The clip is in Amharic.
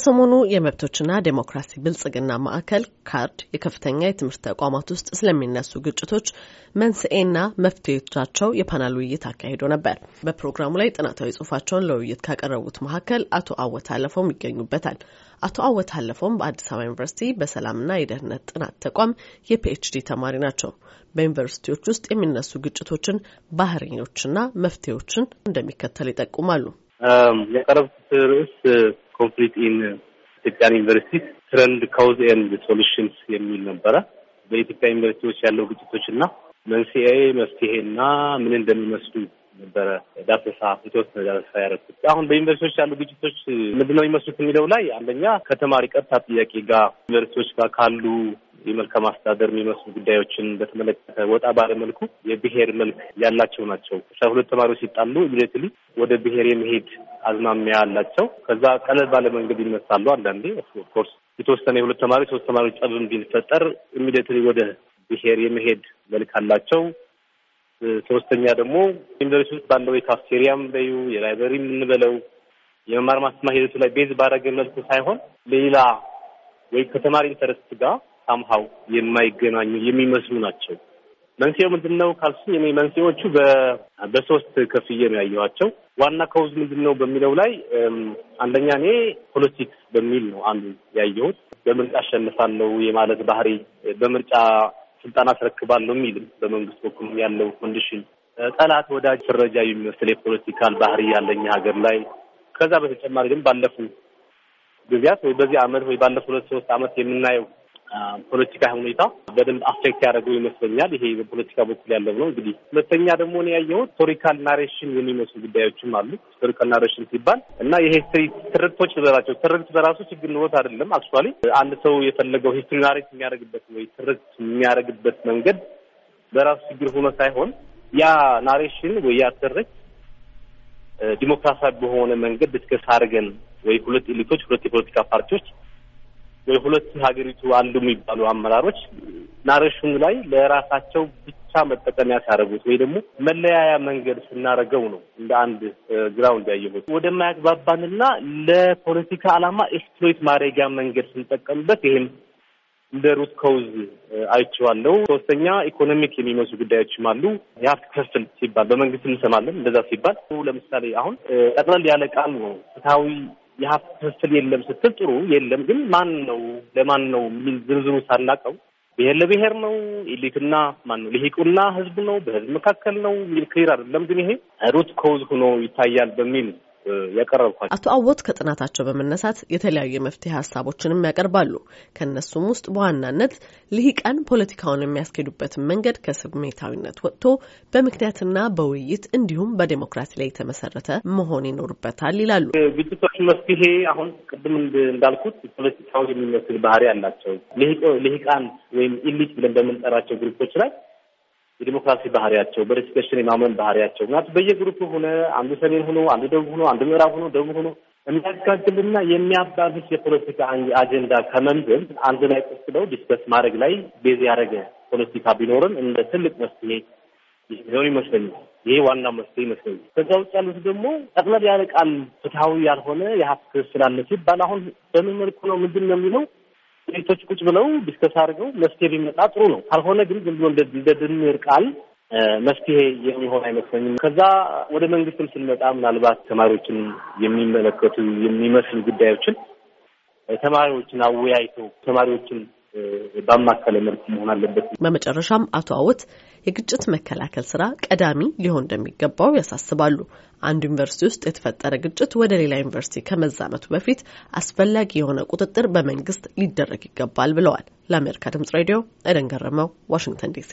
ከሰሞኑ የመብቶችና ዴሞክራሲ ብልጽግና ማዕከል ካርድ የከፍተኛ የትምህርት ተቋማት ውስጥ ስለሚነሱ ግጭቶች መንስኤና መፍትሄቻቸው የፓናል ውይይት አካሂዶ ነበር። በፕሮግራሙ ላይ ጥናታዊ ጽሁፋቸውን ለውይይት ካቀረቡት መካከል አቶ አለፎም ይገኙበታል። አቶ አወታለፈውም በአዲስ አበባ ዩኒቨርሲቲ በሰላምና የደህንነት ጥናት ተቋም የፒኤችዲ ተማሪ ናቸው። በዩኒቨርሲቲዎች ውስጥ የሚነሱ ግጭቶችን ባህሪዎችና መፍትሄዎችን እንደሚከተል ይጠቁማሉ። የቀረቡት ርዕስ ኮምፕሊት ኢን ኢትዮጵያን ዩኒቨርሲቲ ትረንድ ካውዝ ኤንድ ሶሉሽንስ የሚል ነበረ። በኢትዮጵያ ዩኒቨርሲቲዎች ያለው ግጭቶች እና መንስኤ መፍትሄና ምን እንደሚመስሉ ነበረ ዳሰሳ የተወሰነ ዳሰሳ ያደረኩት። አሁን በዩኒቨርሲቲዎች ያሉ ግጭቶች ምንድነው የሚመስሉት የሚለው ላይ አንደኛ ከተማሪ ቀጥታ ጥያቄ ጋር ዩኒቨርሲቲዎች ጋር ካሉ የመልካም አስተዳደር የሚመስሉ ጉዳዮችን በተመለከተ ወጣ ባለመልኩ የብሔር መልክ ያላቸው ናቸው። ሁለት ተማሪዎች ሲጣሉ ኢሚዲየትሊ ወደ ብሔር የመሄድ አዝማሚያ ያላቸው ከዛ ቀለል ባለመንገድ ይነሳሉ። አንዳንዴ ኦፍኮርስ የተወሰነ የሁለት ተማሪዎች ሶስት ተማሪዎች ጠብም ቢፈጠር ኢሚዲየትሊ ወደ ብሔር የመሄድ መልክ አላቸው። ሶስተኛ ደግሞ ዩኒቨርሲቲ ውስጥ ባለው የካፍቴሪያም በዩ የላይብረሪ የምንበለው የመማር ማስተማር ሂደቱ ላይ ቤዝ ባደረገ መልኩ ሳይሆን ሌላ ወይ ከተማሪ ኢንተረስት ጋር ሳምሃው የማይገናኙ የሚመስሉ ናቸው። መንስኤው ምንድን ነው ካልሽኝ፣ እኔ መንስኤዎቹ በሶስት ከፍዬ ነው ያየኋቸው። ዋና ከውዝ ምንድን ነው በሚለው ላይ አንደኛ እኔ ፖለቲክስ በሚል ነው አንዱ ያየሁት። በምርጫ አሸንፋለሁ የማለት ባህሪ፣ በምርጫ ስልጣን አስረክባለሁ የሚል በመንግስት በኩል ያለው ኮንዲሽን፣ ጠላት ወዳጅ ፍረጃ የሚመስል የፖለቲካል ባህሪ ያለኝ ሀገር ላይ ከዛ በተጨማሪ ግን ባለፉ ጊዜያት ወይ በዚህ አመት ወይ ባለፉ ሁለት ሶስት አመት የምናየው ፖለቲካ ሁኔታ በደንብ አፌክት ያደረገው ይመስለኛል። ይሄ በፖለቲካ በኩል ያለው ነው። እንግዲህ ሁለተኛ ደግሞ እኔ ያየሁት ሂስቶሪካል ናሬሽን የሚመስሉ ጉዳዮችም አሉ። ሂስቶሪካል ናሬሽን ሲባል እና የሂስትሪ ትርክቶች ናቸው። ትርክት በራሱ ችግር ኖሮት አይደለም። አክቹዋሊ አንድ ሰው የፈለገው ሂስትሪ ናሬት የሚያደርግበት ወይ ትርክት የሚያደርግበት መንገድ በራሱ ችግር ሆኖ ሳይሆን ያ ናሬሽን ወይ ያ ትርክት ዲሞክራሲያዊ በሆነ መንገድ ዲስከስ አድርገን ወይ ሁለት ኤሊቶች ሁለት የፖለቲካ ፓርቲዎች የሁለት ሀገሪቱ አንዱ የሚባሉ አመራሮች ናሬሽኑ ላይ ለራሳቸው ብቻ መጠቀሚያ ሲያደርጉት ወይ ደግሞ መለያያ መንገድ ስናደርገው ነው እንደ አንድ ግራውንድ ያየሁት ወደማያግባባንና ለፖለቲካ ዓላማ ኤክስፕሎይት ማድረጊያ መንገድ ስንጠቀምበት ይህም እንደ ሩት ከውዝ አይቼዋለሁ። ሶስተኛ ኢኮኖሚክ የሚመስሉ ጉዳዮችም አሉ። የሀብት ክፍፍል ሲባል በመንግስት እንሰማለን። እንደዛ ሲባል ለምሳሌ አሁን ጠቅለል ያለ ቃል ነው ፍትሐዊ የሀብት ክፍፍል የለም ስትል ጥሩ የለም ግን ማን ነው ለማን ነው የሚል ዝርዝሩ ሳናቀው ብሔር ለብሔር ነው ኢሊትና ማን ነው ልሂቁና ህዝብ ነው በህዝብ መካከል ነው የሚል ክሊር አይደለም። ግን ይሄ ሩት ኮዝ ሆኖ ይታያል በሚል ያቀረብኳቸው። አቶ አወት ከጥናታቸው በመነሳት የተለያዩ የመፍትሄ ሀሳቦችንም ያቀርባሉ። ከእነሱም ውስጥ በዋናነት ልሂቃን ፖለቲካውን የሚያስኬዱበትን መንገድ ከስሜታዊነት ወጥቶ በምክንያትና በውይይት እንዲሁም በዴሞክራሲ ላይ የተመሰረተ መሆን ይኖርበታል ይላሉ። ግጭቶች መፍትሄ አሁን ቅድም እንዳልኩት ፖለቲካዊ የሚመስል ባህሪ ያላቸው ልሂቃን ወይም ኢሊት ብለን በምንጠራቸው ግሩፖች ላይ የዲሞክራሲ ባህሪያቸው በዲስከሽን የማመን ባህሪያቸው ምክንያቱም በየግሩፕ ሆነ አንዱ ሰሜን ሆኖ አንዱ ደቡብ ሆኖ አንዱ ምዕራብ ሆኖ ደቡብ ሆኖ የሚያጋግልና የሚያባብስ የፖለቲካ አጀንዳ ከመንዘል አንድ ላይ ቁጭ ብለው ዲስከስ ማድረግ ላይ ቤዝ ያደረገ ፖለቲካ ቢኖርም እንደ ትልቅ መፍትሄ ሊሆን ይመስለኛል። ይሄ ዋና መፍትሄ ይመስለኛል። ከዛ ውጭ ያሉት ደግሞ ጠቅለል ያለ ቃል ፍትሐዊ ያልሆነ የሀብት ክስ ስላለ ሲባል አሁን በምን መልኩ ነው ምንድን ነው የሚለው ሴቶች ቁጭ ብለው ዲስከስ አድርገው መፍትሄ ቢመጣ ጥሩ ነው። ካልሆነ ግን ዝም ብሎ እንደ ድምር ቃል መፍትሄ የሚሆን አይመስለኝም። ከዛ ወደ መንግስትም ስንመጣ ምናልባት ተማሪዎችን የሚመለከቱ የሚመስሉ ጉዳዮችን ተማሪዎችን አወያይተው ተማሪዎችን ባማከለ መልኩ መሆን አለበት። በመጨረሻም አቶ አወት የግጭት መከላከል ስራ ቀዳሚ ሊሆን እንደሚገባው ያሳስባሉ። አንድ ዩኒቨርሲቲ ውስጥ የተፈጠረ ግጭት ወደ ሌላ ዩኒቨርሲቲ ከመዛመቱ በፊት አስፈላጊ የሆነ ቁጥጥር በመንግስት ሊደረግ ይገባል ብለዋል። ለአሜሪካ ድምጽ ሬዲዮ ኤደን ገረመው፣ ዋሽንግተን ዲሲ